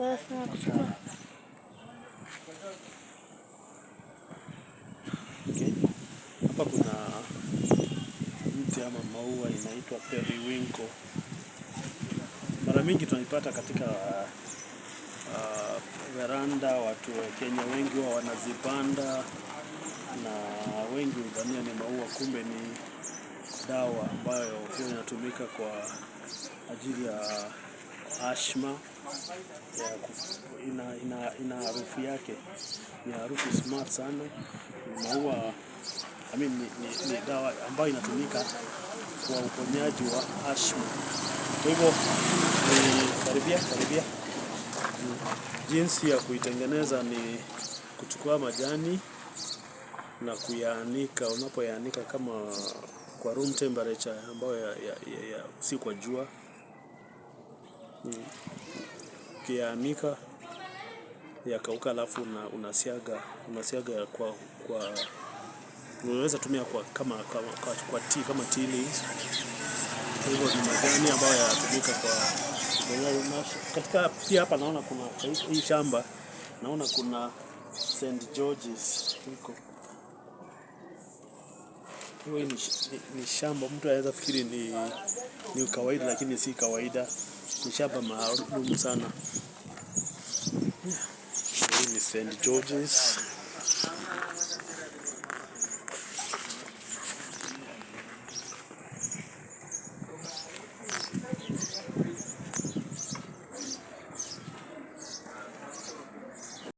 Okay. Hapa kuna mti ama maua inaitwa periwinkle. Mara mingi tunaipata katika uh, veranda. Watu wa Kenya wengi huwa wanazipanda na wengi hudhania ni maua, kumbe ni dawa ambayo huwa inatumika kwa ajili ya uh, ashma ina, ina, ina harufu yake, ni harufu smart sana. Maua I mean, ni, ni, ni dawa ambayo inatumika kwa uponyaji wa asthma. Kwa hivyo ni karibia karibia, jinsi ya kuitengeneza ni kuchukua majani na kuyaanika. Unapoyaanika kama kwa room temperature ambayo ya, ya, ya, ya, si kwa jua hmm ukianika yakauka, alafu unasiaga unasiaga ya kwa kwa unaweza tumia kwa kama kama kwa, kwa tea kama tea leaves. Hivyo ni majani ambayo yanatumika kwa katika. Pia hapa naona kuna hii shamba, naona kuna St George's huko hiyo ni, ni, ni shamba mtu anaweza fikiri ni, ni kawaida lakini si kawaida. Ni shamba maalumu sana. Hii ni St. George's.